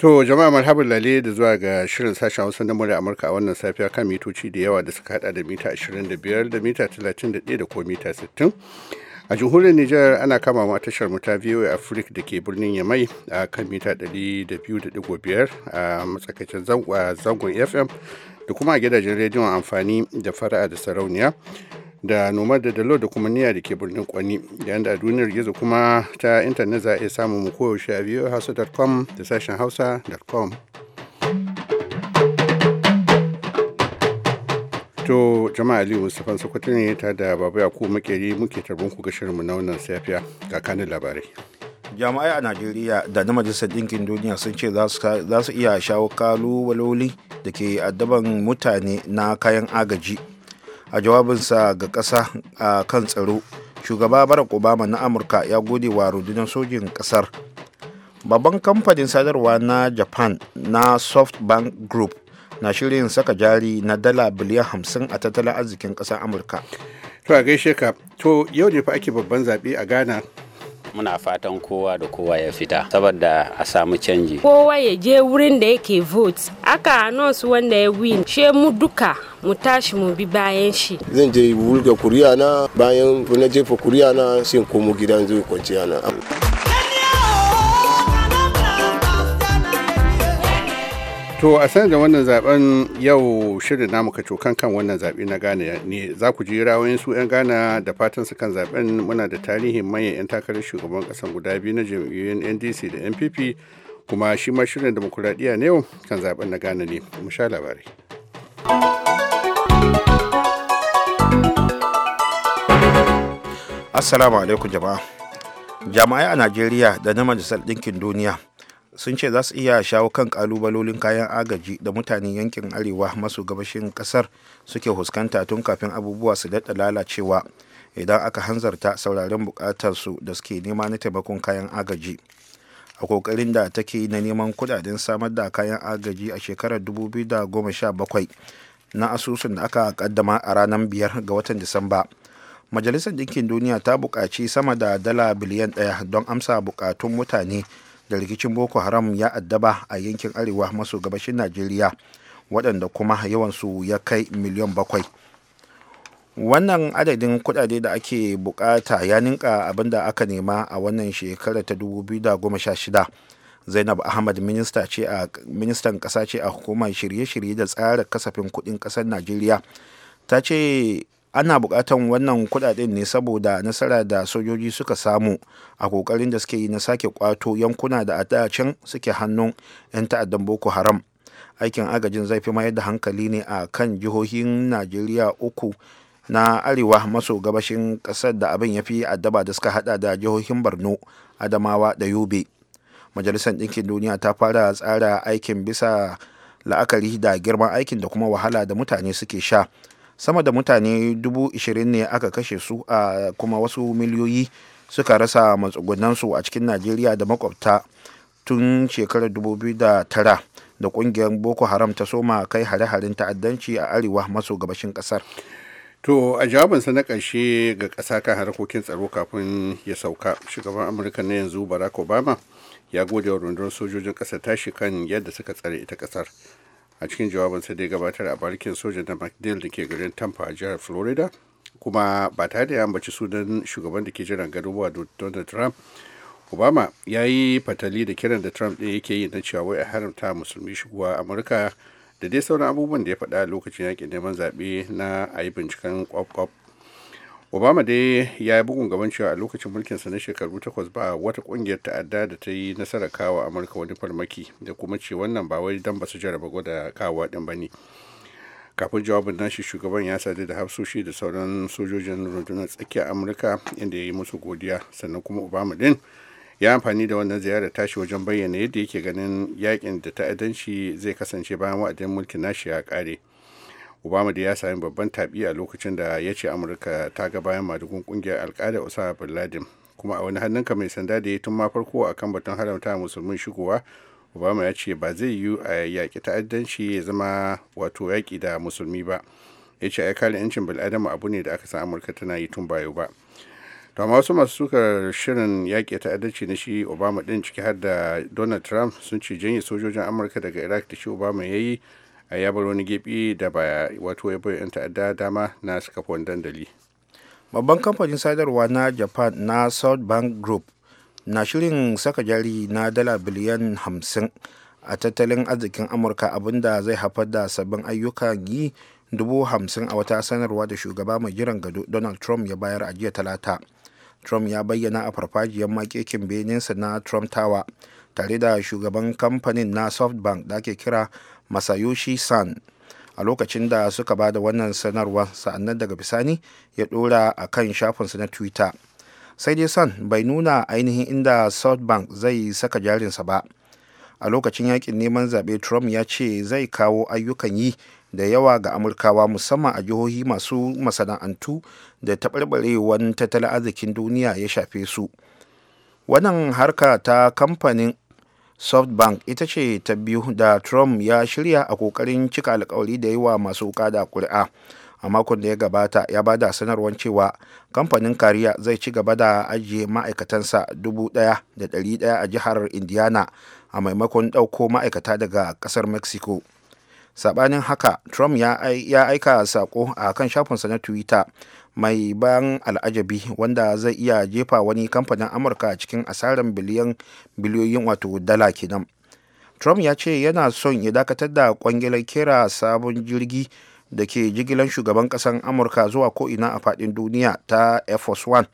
To jama'a marhaban lale da zuwa ga shirin sashen Hausa na murya Amurka a wannan safiya kan mitoci da yawa da suka hada da mita 25 da mita 31 da ko mita 60. A jihohin Nijar ana kama ma tashar mu ta VOA Africa da ke birnin Yamai a kan mita 200.5 a matsakaicin zangon FM da kuma a gidajen rediyon amfani da fara'a da sarauniya da nomad da dalo da kuma niya da ke birnin kwani da yadda duniyar gizo kuma ta intanet za a iya samun mu koyaushe a hausa.com da sashen hausa.com to jama'a aliyu mustapha sokoto ne ta da baba yakubu makeri muke tarbin ku gashirin mu na wannan safiya ga kanin labarai jama'ai a najeriya da na majalisar ɗinkin duniya sun ce za su iya shawo kalubaloli da ke addaban mutane na kayan agaji a jawabinsa ga ƙasa a kan tsaro shugaba barack obama na amurka ya gode wa rundunar sojin ƙasar babban kamfanin sadarwa na japan na softbank group na shirin saka jari na dala biliyan hamsin a tattalin arzikin ƙasar amurka to a gaishe ka to yau ne fa ake babban zaɓe a ghana muna fatan kowa da kowa ya fita saboda a samu canji kowa ya je wurin da yake vote aka announce wanda ya win she mu duka mu tashi mu bi bayan shi zan je wulga kuriya na bayan na jefa kuriya na shin komo gidan zo kwanciya na To a sanar da wannan zaben yau shirin namu ka cokan kan wannan zaɓe na Ghana ne za ku ji rawayin su 'yan gana da fatan su kan zaben muna da tarihin manyan 'yan takarar shugaban kasan guda biyu na jam'iyyun NDC da NPP kuma shi ma shirin demokuraɗiyya ne yau kan zaben na Ghana ne mu sha labarai. Assalamu alaikum jama'a. Jami'ai a Najeriya da na Majalisar Ɗinkin Duniya sun ce za su iya shawo kan kalubalolin kayan agaji da mutanen yankin arewa masu gabashin kasar suke huskanta tun kafin abubuwa su daɗa lalacewa idan aka hanzarta sauraren su da suke nema na taimakon kayan agaji a kokarin da take na neman kudaden samar da kayan agaji a shekarar 2017 na asusun da aka kaddama a ranar biyar ga watan disamba majalisar ɗinkin duniya ta buƙaci sama da dala biliyan ɗaya don amsa buƙatun mutane da rikicin boko haram ya addaba a yankin arewa maso gabashin najeriya waɗanda kuma yawansu ya kai miliyan bakwai wannan adadin kudade da ake bukata ya ninka abin da aka nema a wannan shekarar ta 2016 zainab ahmad minista ce a ministan ƙasa ce a hukumar shirye-shirye da tsara kasafin kudin ƙasar najeriya ta ce ana bukatan wannan kudaden ne saboda nasara da sojoji suka samu a kokarin da suke yi na sake kwato yankuna da a can suke hannun 'yan ta'addan boko haram aikin agajin zai fi mayar da hankali ne a kan jihohin najeriya uku na arewa maso gabashin kasar da abin ya fi addaba da suka hada da jihohin borno adamawa da yobe majalisar ɗinkin duniya ta fara tsara aikin bisa la'akari da girman aikin da kuma wahala da mutane suke sha sama da mutane dubu ishirin ne aka kashe su a kuma wasu miliyoyi suka rasa matsugunansu a cikin najeriya da makwabta tun shekarar 2009 da kungiyar boko haram ta soma kai hare-haren ta'addanci a arewa maso gabashin kasar to a jawabinsa na ƙarshe ga ƙasa kan harkokin tsaro kafin ya sauka shugaban amurka na yanzu barack obama ya gode wa rundunar sojojin ƙasar tashi kan yadda suka tsare ita ƙasar a cikin jawabinsa da ya gabatar a barkin soja na mcdill da ke garin tampa a jihar florida kuma ba tare da ya ambaci sunan shugaban da ke jiran garuwa donald trump obama ya yi fatali da kiran da trump ɗin yake yi na cewa wai a haramta musulmi shigowa amurka da dai sauran abubuwan da ya faɗa lokacin yakin neman zaɓe na a yi binciken kwaf obama dai ya yi bugun gaban cewa a lokacin mulkinsa na shekaru takwas ba wata kungiyar ta'adda da ta yi nasara kawo amurka wani farmaki da kuma ce wannan ba wai don ba su jaraba gwada kawo din ba ne kafin jawabin nashi shugaban ya sadu da hafsoshi da sauran sojojin rundunar tsakiyar amurka inda ya yi musu godiya sannan kuma obama din ya amfani da wannan ziyarar tashi wajen bayyana yadda yake ganin yakin da ta'addanci zai kasance bayan wa'adin mulkin nashi ya kare obama da ya sami babban tabi a lokacin da ya ce amurka ta ga bayan madugun kungiyar alkada osama bin laden kuma a wani ka mai sanda da ya tun ma farko a kan batun haramta musulmin shigowa obama ya ce ba zai yiwu a yaƙi ta'addanci ya zama wato yaƙi da musulmi ba ya ce ai kare 'yancin bil'adama abu ne da aka san amurka tana yi tun bayo ba to amma wasu masu sukar shirin yaƙi ta'addanci na shi obama din ciki har da donald trump sun ce janye sojojin amurka daga iraq da shi obama ya yi a yabar wani gefe da ba wato ya bai 'yan ta'adda dama na suka fi dandali babban kamfanin sadarwa na japan na south bank group na shirin saka jari na dala biliyan 50 a tattalin arzikin amurka abinda zai haifar da sabbin ayyukan yi dubu hamsin a wata sanarwa da shugaba mai jiran gado donald trump ya bayar a jiya talata trump ya bayyana a farfajiyar makekin beninsa na trump tower tare da shugaban kamfanin na softbank da ake kira masayoshi san a lokacin da suka ba da wannan sanarwa sa'annan daga bisani ya dora a kan shafinsa na twitter sai dai san bai nuna ainihin inda softbank zai saka jarinsa ba a lokacin yakin neman zaɓe trump ya ce zai kawo ayyukan yi da yawa ga amurkawa musamman a jihohi masu masana'antu da taɓarɓarewan tattalin arzikin duniya ya shafe su wannan harka ta kamfanin softbank ita ce ta biyu da trump ya shirya a kokarin cika alkawari da yi wa masu da kuri'a a makon da ya gabata ya bada sanarwar cewa kamfanin kariya zai ci gaba da ajiye ma'aikatansa 1,100 a jihar indiana a maimakon ɗauko ma'aikata daga ƙasar mexico sabanin haka trump ya aika sako a kan shafinsa na twitter mai bayan al'ajabi wanda zai iya jefa wani kamfanin amurka cikin asarar biliyan biliyoyin wato dala kenan trump ya ce yana son ya dakatar da kwangilar kera sabon jirgi da ke jigilan shugaban kasan amurka zuwa ko'ina a fadin duniya ta air force one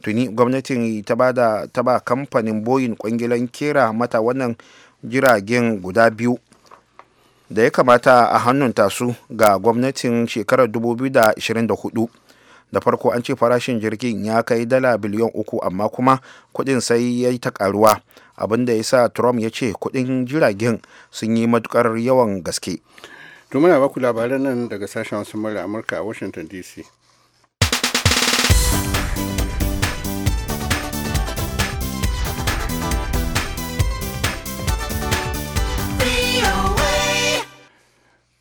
tuni gwamnatin ta ba da ta kamfanin boeing kwangilan kera mata wannan jiragen guda biyu da ya kamata a hannunta su ga gwamnatin shekarar 2024 da farko an ce farashin jirgin ya kai dala biliyan uku amma kuma kudin sai ya yi ta karuwa da ya sa trump ya ce kudin jiragen sun yi matukar yawan gaske. to muna baku labaran nan daga sashen wasu mara amurka a washington dc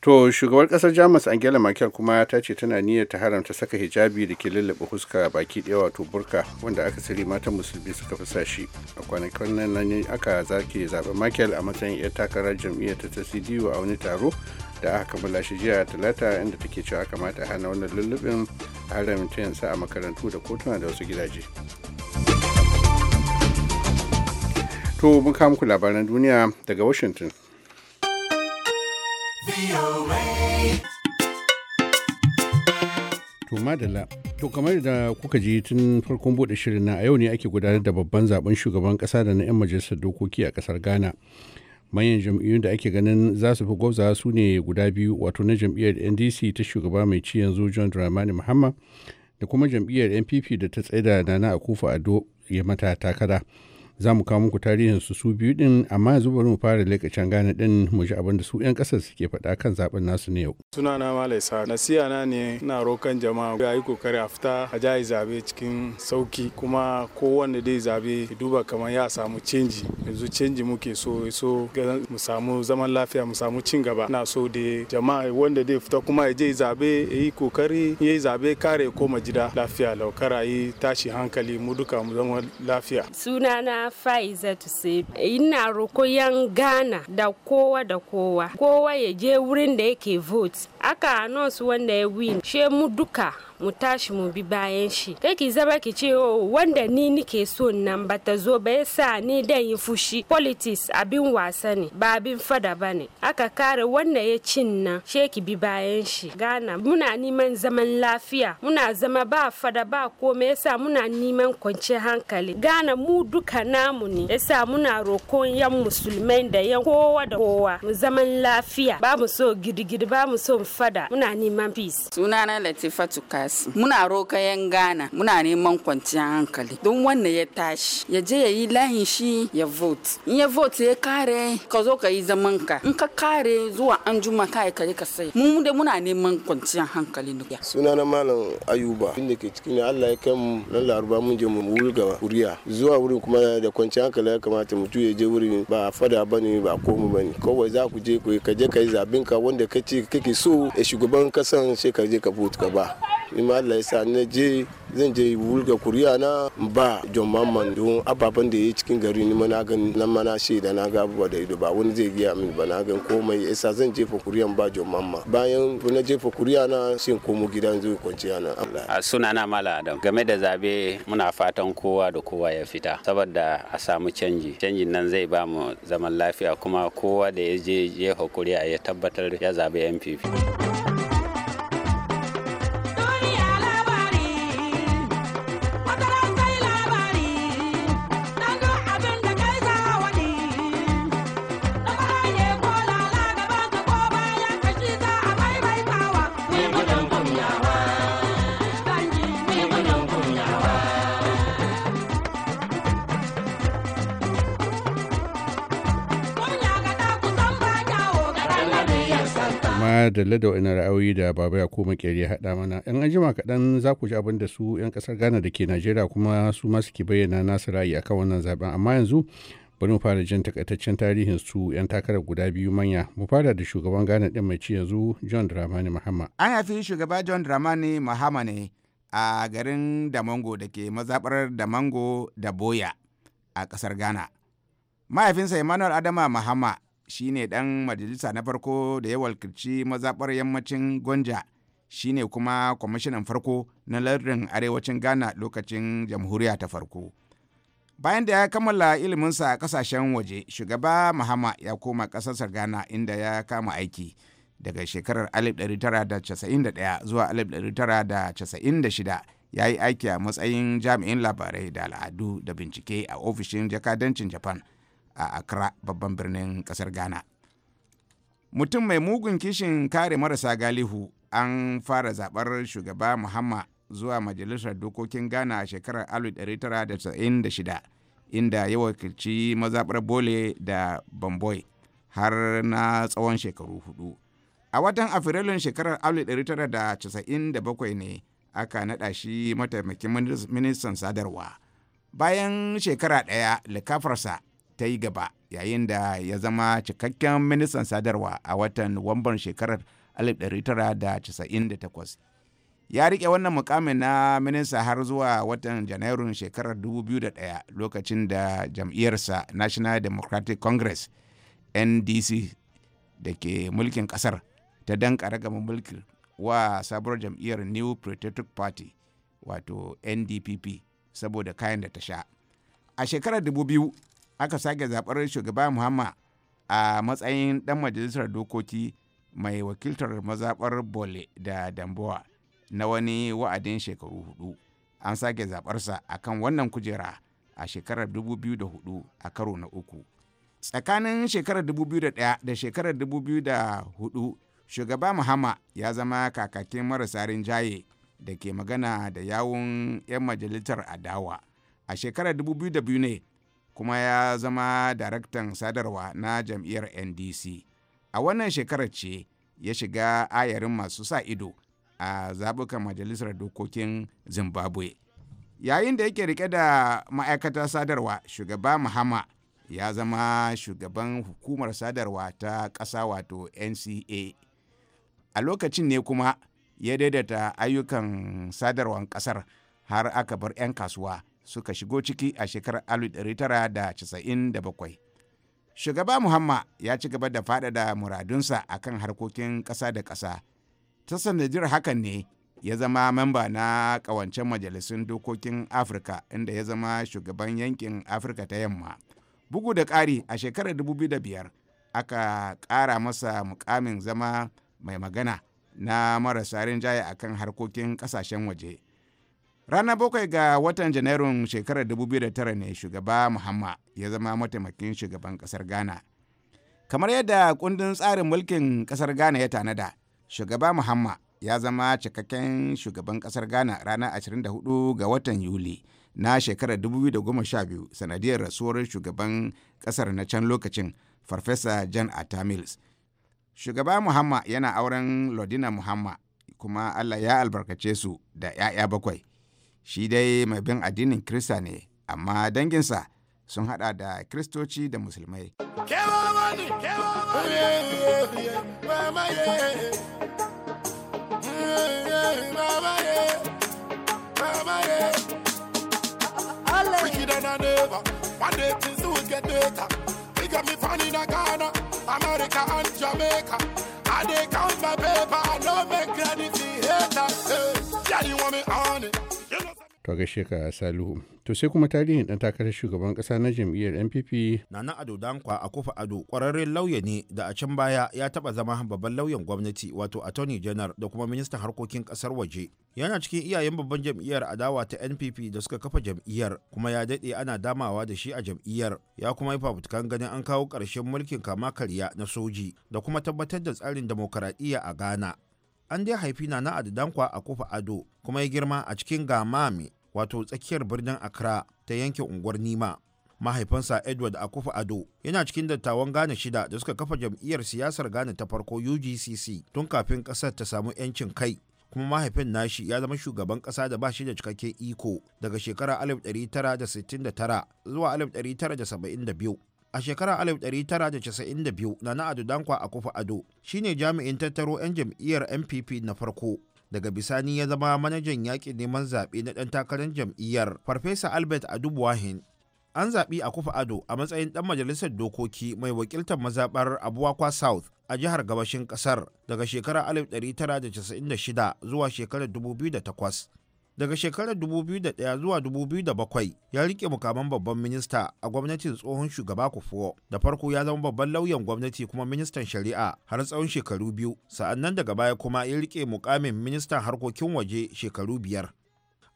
to shugabar kasar jamus angela merkel kuma ta ce tana niyyar ta haramta saka hijabi da ke lullube huska baki ɗaya wato burka wanda aka sari matan musulmi suka fi sa shi a kwanakin nan aka zake zaɓen merkel a matsayin 'yar takarar jam'iyyar ta ta cdu a wani taro da aka kammala shi jiya talata inda take cewa kamata hana wannan lullubin haramta yansa a makarantu da kotuna da wasu gidaje to mun kama ku labaran duniya daga washington To madalla, to kamar da kuka ji tun farkon bude shirin na a yau ne ake gudanar da babban zaben shugaban kasa da na 'yan majalisar dokoki a kasar Ghana. Manyan jam'iyyun da ake ganin za su fi gwabza su ne guda biyu wato na jam'iyyar NDC ta shugaba mai ci yanzu John Dramani Muhammad da kuma jam'iyyar NPP da ta tsaida na Akufo Ado ya mata takara. za mu kawo muku tarihin su su biyu din amma yanzu bari mu fara lokacin gane din mu ji abin da su yan kasar suke faɗa kan zaben nasu ne yau sunana malai sa na ne na rokan jama'a ga yi kokari a fita a jayi zabe cikin sauki kuma kowanne dai zabe duba kamar ya samu canji yanzu canji muke so so mu samu zaman lafiya mu samu cin gaba na so da jama'a wanda dai fita kuma ya je zabe ya yi kokari ya yi zabe kare koma gida lafiya laukara yi tashi hankali mu duka mu zama lafiya sunana Faizatu Sebi. Ina yan Ghana da kowa da kowa. Kowa ya je wurin da yake vote aka nurse wanda ya win she mu duka mu tashi mu bi bayan shi kai ki zama ki ce oh, wanda ni nike so nan ba ta zo ba yasa ni dan yi fushi politics abin wasa ne ba abin fada ba ne aka kare wanda ya cin nan she ki bi bayan shi gana muna neman zaman lafiya muna zama ba fada ba komai yasa muna neman kwanciyar hankali gana mu duka namu ne yasa muna rokon yan musulmai da yan kowa da kowa mu zaman lafiya ba mu so girgidi ba mu so fada muna neman peace sunana latifa tukasi muna rokayen gana muna neman kwanciyar hankali don wanda ya tashi ya je ya yi layin shi ya vote in ya vote ya kare ka zo ka yi zaman ka in ka kare zuwa an juma ka ka ka sai mu da muna neman kwanciyar hankali ne sunana malam ayuba inda ke cikin Allah ya kai mu nan laruba mun je mu wulga kuriya zuwa wurin kuma da kwanciyar hankali ya kamata mutum ya je wurin ba fada bane ba komu bane kawai za ku je ku ka je ka yi zabin ka wanda kace kake so Eh, shugaban kasan sai ka je ka ka ba in ma Allah ya sa na je zan je wulga kuriya na ba John Mamman don ababen da ya yi cikin gari ni mana gan nan mana shaida na ga abubuwa da ido ba wani zai giya min ba na gan komai yasa zan jefa kuriya ba John Mamma bayan na jefa kuriya na shin komo gidan zai kwanciya na Allah a sunana Mala Adam game da zabe muna fatan kowa da kowa ya fita saboda a samu canji canjin nan zai ba mu zaman lafiya kuma kowa da ya je jefa kuriya ya tabbatar ya zabe MPP. dalle da wani ra'ayoyi da baba ya koma ya haɗa mana yan anjima kaɗan za ku ji abin da su yan ƙasar ghana da ke najeriya kuma su ma suke bayyana nasu ra'ayi akan wannan zaben amma yanzu bari mu fara jin takaitaccen tarihin su 'yan takarar guda biyu manya mu fara da shugaban ghana din mai ci yanzu john dramani mahama an haifi shugaba john dramani mahama ne a garin damango da ke mazaɓar damango da boya a ƙasar ghana mahaifinsa emmanuel adama mahama shine ɗan majalisa na farko da ya walkirci mazaɓar yammacin gonja shine kuma kwamishinan farko na lardin arewacin ghana lokacin jamhuriya ta farko bayan da ya kammala iliminsa a kasashen waje shugaba mahama ya koma ƙasarsa ghana inda ya kama aiki daga shekarar 1991 zuwa 1996 ya yi aiki a matsayin jami'in labarai da al'adu da bincike a ofishin jakadancin japan a Accra babban birnin kasar Ghana. Mutum mai mugun kishin kare marasa galihu an fara zaɓar shugaba Muhammad zuwa majalisar dokokin Ghana a shekarar 1996 inda ya wakilci mazaɓar Bole da Bamboy har na tsawon shekaru hudu. A watan Afrilun shekarar 1997 ne aka naɗa shi mataimakin ministan sadarwa. Bayan shekara ɗaya likafarsa ta yi gaba yayin da ya zama cikakken ministan sadarwa a watan Nuwamban shekarar 1998. Ya riƙe wannan mukamin na minista har zuwa watan Janairun shekarar 2001 lokacin da jam'iyyarsa National Democratic Congress NDC da ke mulkin ƙasar ta danka ragamin mulki wa sabuwar jam'iyyar New Patriotic Party wato NDPP saboda kayan da ta sha. A shekarar 2000 aka sake zaɓar shugaba muhammad a matsayin ɗan majalisar dokoki mai wakiltar mazaɓar bole da damboa na wani wa'adin shekaru hudu an sake zaɓarsa a kan wannan kujera a shekarar 2004 a karo na uku tsakanin shekarar 2001 da shekarar 2004 shugaba muhammad ya zama kakakin marasa rinjaye da ke magana da yawun 'yan majalitar adawa a shekarar 2002 ne kuma ya zama daraktan sadarwa na jam'iyyar ndc a wannan shekarar ce ya shiga ayarin masu sa ido a zaɓukan majalisar dokokin zimbabwe yayin da yake rike da ma'aikata sadarwa shugaba mahama ya zama shugaban hukumar sadarwa ta ƙasa wato nca a lokacin ne kuma ya daidaita ayyukan sadarwar ƙasar har aka bar 'yan kasuwa suka shigo ciki a shekarar 1997 shugaba muhammad ya ci gaba da faɗaɗa muradunsa a kan harkokin ƙasa da ƙasa ta sanadiyar hakan ne ya zama mamba na ƙawancen majalisun dokokin afirka inda ya zama shugaban yankin afirka ta yamma bugu da ƙari a shekarar 2005 aka ƙara masa mukamin zama mai magana na marasa rinjaye kan harkokin ƙasashen waje. ranar bakwai ga watan janairun shekarar 2009 ne shugaba muhamma ya zama mataimakin shugaban kasar ghana kamar yadda kundin tsarin mulkin kasar ghana ya tanada shugaba muhamma ya zama cikakken shugaban kasar ghana ranar 24 ga watan yuli na shekarar 2012 sanadiyar rasuwar shugaban kasar na can lokacin farfesa jan atamils shugaba muhamma yana auren lodina muhamma kuma allah ya albarkace su da 'ya'ya bakwai Shi dai mai bin addinin Kirista ne, amma danginsa sun hada da Kiristoci da Musulmai. day things will get in Ghana, America and Jamaica. I they count my paper, I don't make granny hater. Hey, yeah, you want me on it? to gaishe ka salihu to sai kuma tarihin dan takarar shugaban kasa na jam'iyyar npp nana ado dankwa a kofa ado kwararren lauya ne da a can baya ya taba zama babban lauyan gwamnati wato attorney general da kuma ministan harkokin kasar waje yana cikin iyayen babban jam'iyyar adawa ta npp da suka kafa jam'iyyar kuma ya daɗe ana damawa da shi a jam'iyyar ya kuma yi fafutukan ganin an kawo ƙarshen mulkin kama karya na soji da kuma tabbatar da tsarin demokaradiyya a ghana an dai haifi Nana Ado Dankwa a Kofa Ado kuma ya girma a cikin Gamame wato tsakiyar birnin Accra ta yanke unguwar Nima. Mahaifinsa Edward Akufa Ado yana cikin dattawan Ghana shida da suka kafa jam'iyyar siyasar Ghana ta farko UGCC tun kafin ƙasar ta samu 'yancin kai. kuma mahaifin nashi ya zama shugaban kasa da ba shi da cikakken iko daga shekara 1969 zuwa 1972 a shekarar 1992 na ado dankwa a kufa ado shine jami'in tattaro 'yan jam'iyyar npp na farko daga bisani ya zama manajan yaƙin neman zaɓe na ɗan takarar jam'iyyar farfesa albert adubuwahin an zaɓi a kufa ado a matsayin ɗan majalisar dokoki mai wakiltar mazaɓar abuwakwa south a jihar gabashin ƙasar daga shekarar 1996 zuwa shekarar 2008 daga shekarar 2001 zuwa 2007 ya rike mukaman babban minista a gwamnatin tsohon shugaba kufuwa da farko ya zama babban lauyan gwamnati kuma ministan shari'a har tsawon shekaru biyu sa'an nan daga baya kuma ya rike mukamin ministan harkokin waje shekaru biyar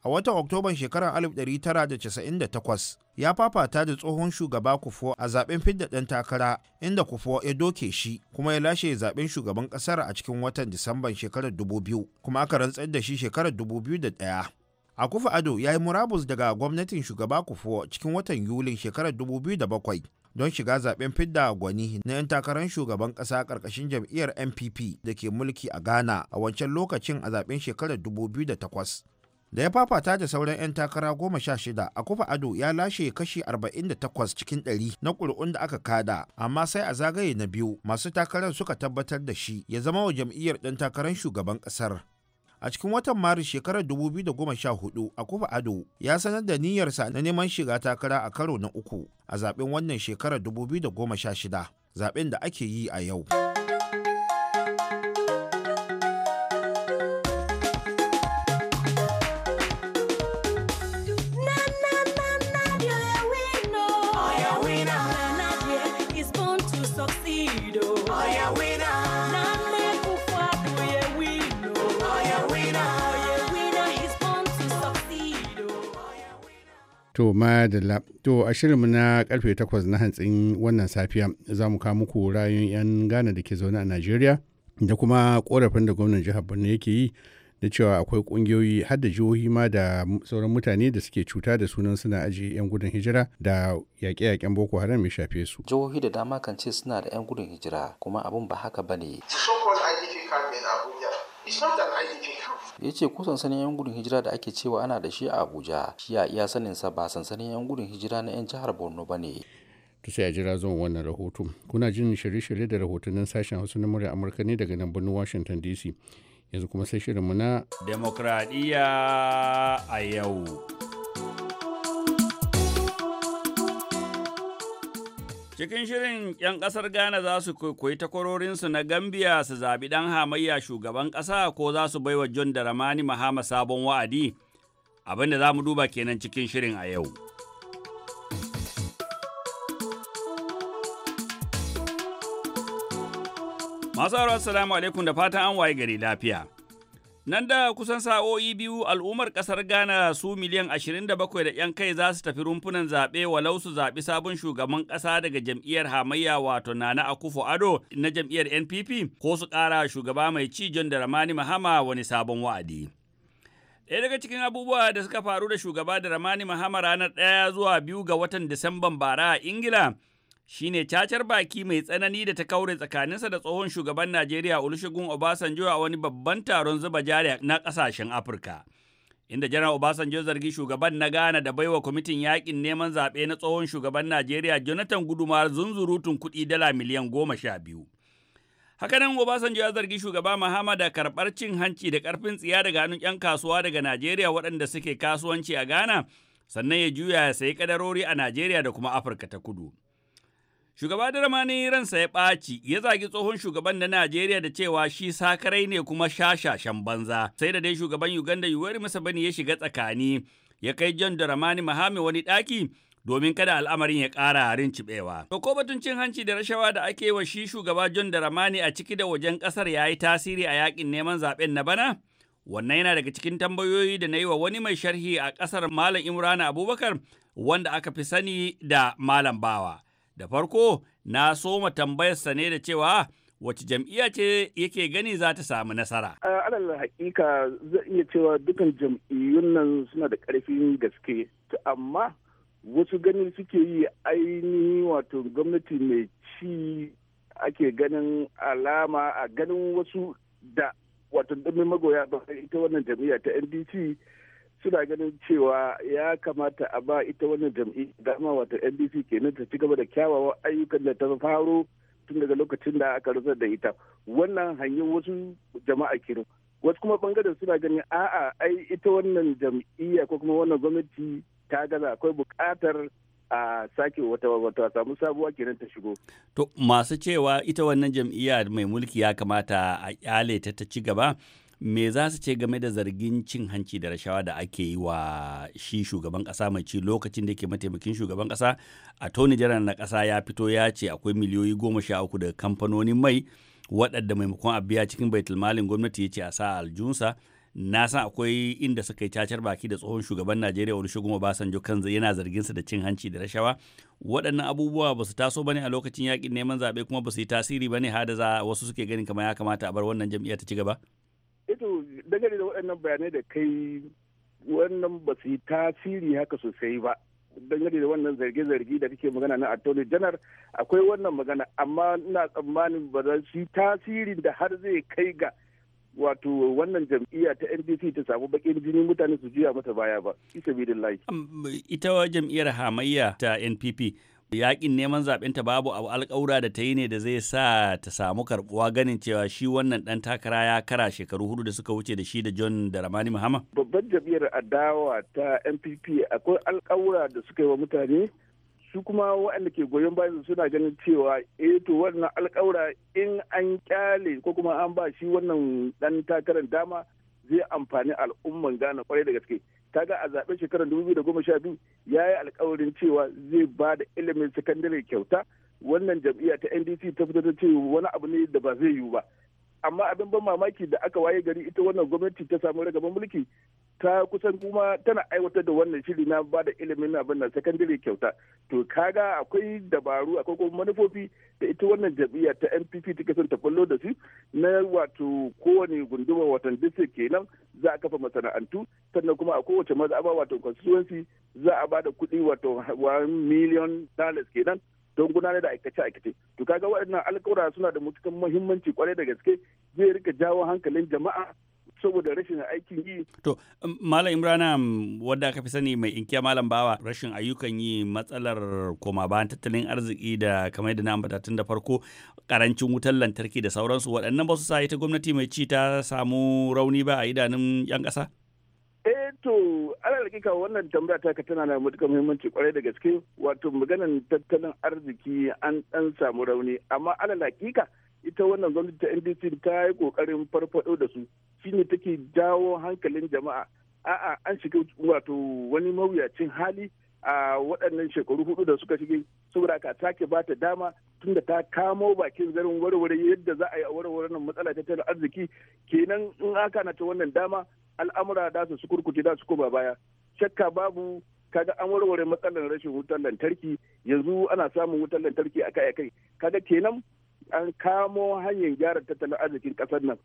a watan oktoban shekarar 1998 ya fafata da tsohon shugaba kufo a zaben fidda ɗan takara inda kufo ya doke shi kuma ya lashe zaben shugaban ƙasar a cikin watan disamban shekarar 2000 kuma aka rantsar da shi shekarar 2001 akufa ado ya yi murabus daga gwamnatin shugaba kufo cikin watan yulin shekarar 2007 don shiga zaben fidda gwani na 'yan takarar shugaban ƙasa ƙarƙashin jam'iyyar npp da ke mulki a ghana a wancan lokacin a zaben shekarar 2008 da ya fafata da sauran 'yan takara goma sha shida a kufa ado ya lashe kashi 48 cikin 100 na ƙuri'un da aka kada amma sai a zagaye na biyu masu takarar suka tabbatar da shi ya zama wa jam'iyyar ɗan takarar shugaban ƙasar a cikin watan maris shekarar 2014 a kufa ado ya sanar da niyyarsa na neman shiga takara a karo na uku a zaben wannan shekarar 2016 zaben da ake yi a yau. To madalla, to a shirinmu na karfe takwas na hantsin wannan safiya za mu kawo muku rayun 'yan Ghana da ke zaune a Najeriya da kuma korafin da gwamnan jihar Borno yake yi da cewa akwai kungiyoyi har da jihohi ma da sauran mutane da suke cuta da sunan suna aji 'yan gudun hijira da yaƙe-yaƙen boko haram ya shafe su. Jihohi da dama kan ce suna da 'yan gudun hijira kuma abin ba haka ba ne. It's not IDP ya ce ko sansanin 'yan gudun hijira da ake cewa ana da shi a abuja shi a iya saninsa ba sansanin 'yan gudun hijira na 'yan jihar borno ba ne to sai a jira zuwan wannan rahoto kuna jin shirye-shirye da rahotannin sashen hausa na murya amurka ne daga nan birnin washington dc yanzu kuma sai shirinmu na demokradiyya a yau Cikin shirin 'yan ƙasar Ghana za su kwaikwayi takwarorinsu na Gambia su zaɓi ɗan hamayya shugaban ƙasa ko za su baiwa John Dramani Mahama sabon wa'adi. Abin da za mu duba kenan cikin shirin a yau. Masu salamu alaikum da fatan an waye gari lafiya. Nan da kusan sa'o'i biyu al'ummar ƙasar Ghana su miliyan 27 da 'yan kai za su tafi rumfunan zaɓe walau su zaɓi sabon shugaban ƙasa daga jam'iyyar hamayya wato Nana Akufo Ado na jam'iyyar NPP ko su ƙara shugaba mai ci John Dramani Mahama wani sabon wa'adi. Ɗaya daga cikin abubuwa da suka faru da shugaba da Ramani Mahama ranar ɗaya zuwa biyu ga watan Disamban bara a Ingila Shi ne cacar baki mai tsanani da ta kaure tsakaninsa da tsohon shugaban Najeriya Olusegun Obasanjo a wani babban taron zuba jari na ƙasashen Afirka. Inda Janar Obasanjo zargi shugaban na Ghana da baiwa kwamitin yakin neman zaɓe na tsohon shugaban Najeriya Jonathan Gudumar zunzurutun kuɗi dala miliyan goma sha biyu. Hakanan Obasanjo ya zargi shugaba Mahama da karɓar cin hanci da ƙarfin tsiya daga hannun 'yan kasuwa daga Najeriya waɗanda suke kasuwanci a Ghana, sannan ya juya ya sayi kadarori a Najeriya da kuma Afirka ta kudu. Shugaba Dramani ransa ya ɓaci ya zagi tsohon shugaban na Najeriya da cewa shi sakarai ne kuma shashashan banza. Sai da dai shugaban Uganda Yoweri Museveni ya shiga tsakani ya kai John Daramani Mahame wani ɗaki domin kada al'amarin ya ƙara harin cibewa. To ko batun cin hanci da rashawa da ake wa shi shugaba John Dramani a ciki da wajen ƙasar ya yi tasiri a yakin neman zaɓen na bana? Wannan yana daga cikin tambayoyi da na yi wa wani mai sharhi a ƙasar Malam Imrana Abubakar wanda aka fi sani da Malam Bawa. Da farko, na soma tambayarsa ne da cewa wace jam'iyya ce yake gani za ta samu nasara? alal hakika zai iya cewa dukan jam'iyyun nan suna da ƙarfin gaske ta amma wasu gani suke yi ainihi wato gwamnati mai ci ake ganin alama a ganin wasu da wato magoya ba ita wannan jam'iyya ta ndc suna ganin cewa ya kamata a ba ita wannan jam'i dama wata ndc kenan ta ci gaba da kyawawan ayyukan da ta faro tun daga lokacin da aka rasa da ita wannan hanyar wasu jama'a kiro wasu kuma bangaren suna ganin a'a ai ita wannan jam'iyya ko kuma wannan gwamnati ta gaza akwai buƙatar a sake wata wata samu sabuwa kenan ta shigo. To masu cewa ita wannan jam'iyya mai mulki ya kamata a kyale ta ta ci gaba me za su ce game da zargin cin hanci da rashawa da ake yi wa shi shugaban kasa mai ci lokacin da ke mataimakin shugaban kasa a tony jiran na kasa ya fito ya ce akwai miliyoyi goma sha uku daga kamfanonin mai waɗanda maimakon a biya cikin baitulmalin gwamnati ya ce a sa aljunsa na san akwai inda suka yi cacar baki da tsohon shugaban najeriya olusegun obasanjo kan yana zargin su da cin hanci da rashawa waɗannan abubuwa ba su taso ne a lokacin yakin neman zaɓe kuma ba su yi tasiri ba har da za wasu suke ganin kamar ya kamata a bar wannan jam'iyya ta ci gaba ito dangane da waɗannan bayanai da kai wannan ba su yi tasiri haka sosai ba dangane da wannan zarge-zarge da kake magana na attorney janar akwai wannan magana amma ina tsammanin ba za su yi tasiri da har zai kai ga wato wannan jam'iyya ta ndc ta samu bakin jini mutane su juya mata baya ba isa bidin ita jam'iyyar hamayya ta npp Yaƙin neman zaɓenta babu abu alƙawura da ta yi ne da zai sa ta samu karɓuwa ganin cewa shi wannan ɗan takara ya kara shekaru hudu da suka wuce da shi da John da Ramani Muhammad. Babban jam'iyyar adawa ta NPP akwai alƙawura da suka yi wa mutane su kuma waɗanda ke goyon bayan suna ganin cewa eh to wannan alƙawura in an kyale ko kuma an ba shi wannan ɗan takarar dama zai amfani al'umman gane kwarai da gaske. kaga a zaɓen shekarar 2012 ya yi alkawarin cewa zai ba da ilimin sakandare kyauta wannan jam'iyya ta ndc ta fitar da ce wani abu ne da ba zai yiwu ba amma abin ban mamaki da aka waye gari ita wannan gwamnati ta samu ragaban mulki ta kusan kuma tana aiwatar da wannan shiri na ba da ilimin abin na sakandare kyauta to kaga akwai dabaru akwai kuma manufofi da ita wannan jam'iyya ta npp take son ta fallo da su na wato kowane gunduma watan district kenan za a kafa masana'antu sannan kuma a kowace mazaba wato constituency za a ba da kuɗi wato 1 million kenan don gudanar da aikace-aikace to kaga waɗannan alƙawura suna da matukan muhimmanci kwarai da gaske zai rika jawo hankalin jama'a saboda rashin aikin yi. To, um, Malam Imrana wadda aka fi sani mai inkiya Malam Bawa rashin ayyukan yi matsalar koma bayan tattalin arziki da kamar da na ambata tun da farko karancin wutar lantarki da sauransu waɗannan ba su sa ita gwamnati mai ci ta samu rauni ba a idanun 'yan ƙasa? eh to ala hakika wannan tambaya ta tana da matuƙar muhimmanci kwarai da gaske wato maganan tattalin arziki an ɗan samu rauni amma ala hakika ita wannan gwamnati ta ndc ta yi kokarin farfado da su shine take jawo hankalin jama'a a'a an shiga wato wani mawuyacin hali a waɗannan shekaru hudu da suka shige saboda ka take bata dama tunda ta kamo bakin zarin warware yadda za a yi a warware nan matsala ta tattalin arziki kenan in aka na ta wannan dama al'amura da su su kurkuce da su koma baya shakka babu kaga an warware matsalar rashin wutar lantarki yanzu ana samun wutar lantarki akai akai kaga kenan an kamo hanyar gyara tattalin arzikin ƙasar nan.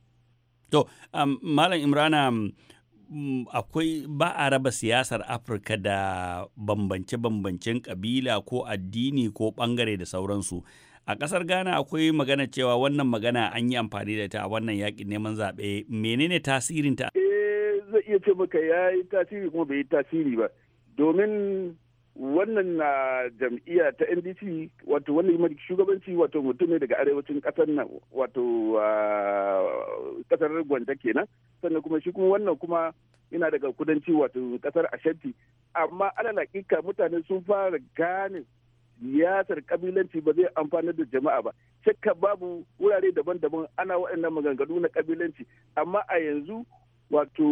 To, um, Malam Imrana um, akwai ba a raba siyasar Afirka da bambance-bambancen kabila ko addini ko bangare da sauransu. A kasar Ghana akwai magana cewa wannan magana an yi amfani da ta a wannan yaƙin neman zaɓe. Menene tasirinta? Eh, zai iya ce maka ya yi tasiri kuma bai yi tasiri ba. Domin wannan na jam'iyya ta ndc wato wannan shugabanci wato mutum ne daga arewacin kasar nan wato kasar ah, gwanda kenan sannan kuma shi kuma wannan kuma yana daga kudanci wato kasar ashanti amma alal hakika mutane sun fara gane siyasar kabilanci ba zai amfana da jama'a ba shakka babu wurare daban-daban ana waɗannan maganganu na kabilanci amma a yanzu wato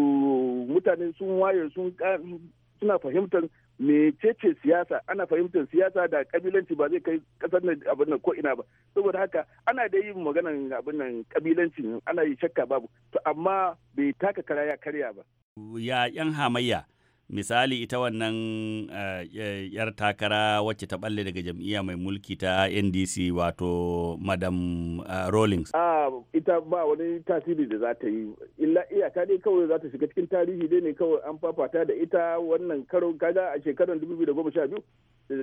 mutane sun waye sun suna fahimtar mecece siyasa ana fahimtar siyasa da kabilanci ba zai kai kasar nan abin nan ko ina ba saboda haka ana da yin maganan abin nan kabilanci ana yi shakka babu to amma bai taka kara karya ba ya yan hamayya misali ita wannan eh, eh, yar takara wacce ta balle daga jam'iyya mai mulki ta ndc wato madam eh, rawlings ah, ita ba wani tasiri da za ta yi illa iyaka dai kawai za ta shiga cikin tarihi dai ne kawai an fafata da ita wannan karo kaga a shekarar 2012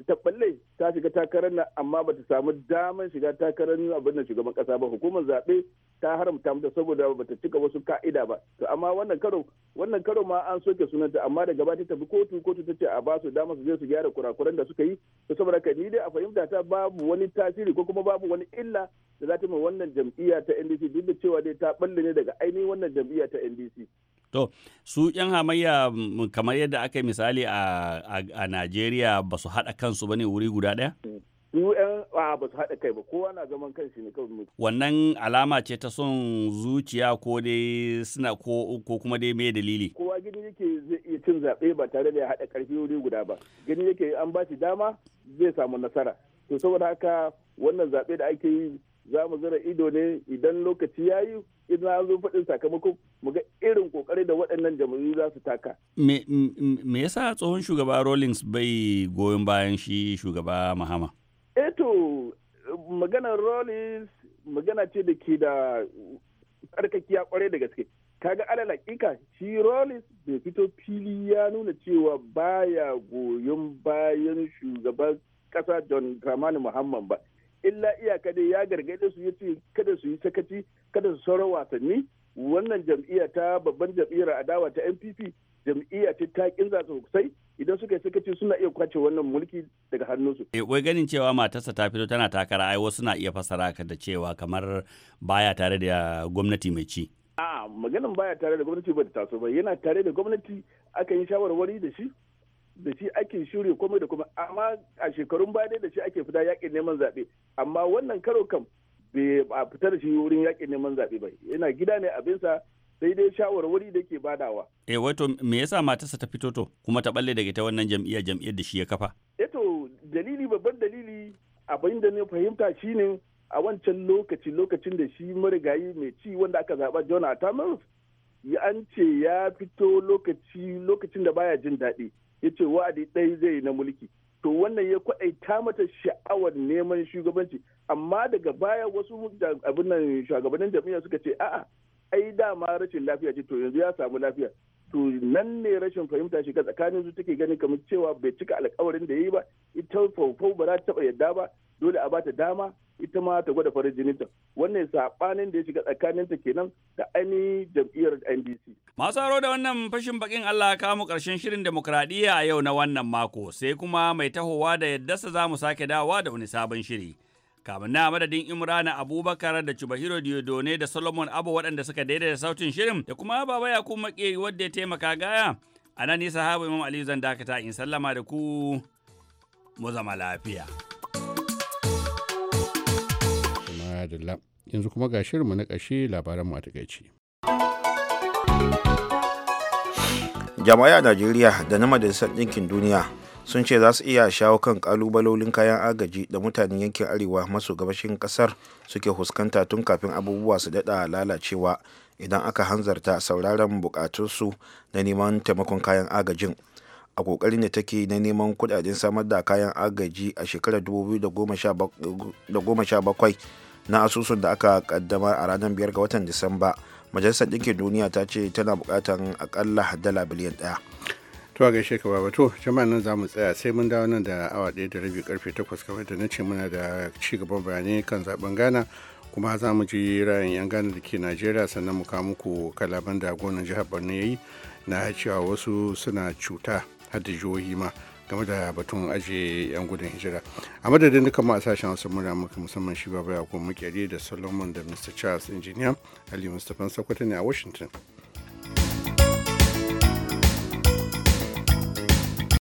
ta balle ta shiga takarar nan amma bata samu damar shiga takarar abin shugaban kasa ba hukumar zaɓe ta haramta mata saboda bata cika wasu ka'ida ba to amma wannan karo wannan karo ma an soke sunanta amma da bata tafi kotu kotu ta ce a ba su damar su je su gyara kurakuran da suka yi to saboda ka ni dai a fahimta ta babu wani tasiri ko kuma babu wani illa da za ta mai wannan jam'iyya ta NDC duk da cewa dai ta balle ne daga ainihin wannan jam'iyya ta NDC To, su ‘yan hamayya mm, kamar yadda aka yi misali a Najeriya ba su haɗa kansu ba ne wuri guda ɗaya? Su ‘yan ba su haɗa kai ba, kowa na zaman kanshi ne kawai. Wannan alama ce ta son zuciya ko dai suna ko kuma dai mai dalili. Kowa gini yake zai iya cin zaɓe ba tare da ya haɗa ƙarfi wuri guda ba. Gini yake an ba shi dama zai samu nasara. To saboda haka wannan zaɓe da ake yi za mu zira ido ne idan lokaci ya yi idan zo faɗin sakamako mu ga irin kokari da waɗannan jam'iyyu za su taka. Me yasa tsohon shugaba Rawlings bai goyon bayan shi shugaba Mahama? Eto eh magana Rawlings magana ce da ke da tsarkakiya kwarai da gaske. Kaga alal hakika shi Rawlings bai fito fili ya nuna cewa baya goyon bayan shugaban kasa John Dramani Muhammad ba. illa iyaka dai ya gargaɗe su yace kada su yi sakaci kada su sauran wasanni wannan jam'iyya ta babban jam'iyyar adawa ta NPP jam'iyya ce ta kinza sosai idan suka yi sakaci suna iya kwace wannan mulki daga hannunsu. su eh, wai ganin cewa matarsa ta fito tana takara ai wasu na iya fasara ka da cewa kamar baya tare da gwamnati mai ci. A'a maganin baya tare da gwamnati ba ta taso ba yana tare da gwamnati aka yi shawarwari da shi da shi ake shirya komai da komai amma a shekarun baya ne da shi ake fita yakin neman zaɓe amma wannan karo kam bai a fita da shi wurin yakin neman zaɓe ba yana gida ne abinsa sai dai shawarwari da ke badawa. Eh wato me yasa matarsa ta fito to kuma ta balle daga ta wannan jam'iyyar jam'iyyar da shi ya kafa? Eh to dalili babban dalili abin da ne fahimta shine a wancan lokaci lokacin da shi marigayi mai ci wanda aka zaba John Atamers ya an ce ya fito lokaci lokacin da baya jin daɗi. ya ce wa'adi ɗaya zai na mulki to wannan ya kwaɗaita mata sha'awar neman shugabanci amma daga baya wasu abin nan shugabannin jam'iyya suka ce a'a ai dama rashin lafiya ce to yanzu ya samu lafiya to nan ne rashin fahimta shiga tsakanin su take ganin kamar cewa bai cika alkawarin da ya ba ita fofo ba za ta taba yadda ba dole a bata dama ita ma ta gwada farin jinin ta wannan saɓanin da ya shiga tsakanin ta kenan da ainihin jam'iyyar ndc masu aro da wannan fashin bakin allah ka mu karshen shirin demokradiyya a yau na wannan mako sai kuma mai tahowa da yadda sa za mu sake dawowa da wani sabon shiri kamar na madadin Imrana Abubakar da Chubahiro Diodone da Solomon Abu waɗanda suka da sautin shirin da kuma Baba ya kuma Makeri wadda ya taimaka gaya. A nan nisa habu Imam Aliyu zan dakata in sallama da ku mu zama lafiya. Yanzu kuma ga shirinmu na labaran labaranmu a takaici. jama'a a najeriya da na majalisar ɗinkin duniya sun ce za su iya shawo kan kalubalolin kayan agaji da mutanen yankin arewa maso gabashin kasar suke huskanta tun kafin abubuwa su daɗa lalacewa idan aka hanzarta sauraron bukatunsu na neman taimakon kayan agajin a kokarin da take na neman kudaden samar da kayan agaji a shekarar 2017 na asusun da aka kaddama a ranar biyar ga watan disamba majalisar ɗinkin duniya ta ce tana bukatan akalla dala biliyan ɗaya to a gaishe ka baba to jama'an nan za mu tsaya sai mun dawo nan da awa ɗaya da rabi karfe takwas kamar da na ce muna da ci gaban bayanai kan zaben ghana kuma za mu ji ra'ayin 'yan ghana da ke najeriya sannan mu kawo muku kalaban da gonan jihar borno ya yi na cewa wasu suna cuta har da jihohi ma game da batun ajiye 'yan gudun hijira a madadin duka ma a sashen wasu mura muka musamman shi baba ya kuma makeri da solomon da mr charles injiniya ali mustapha sokoto ne a washington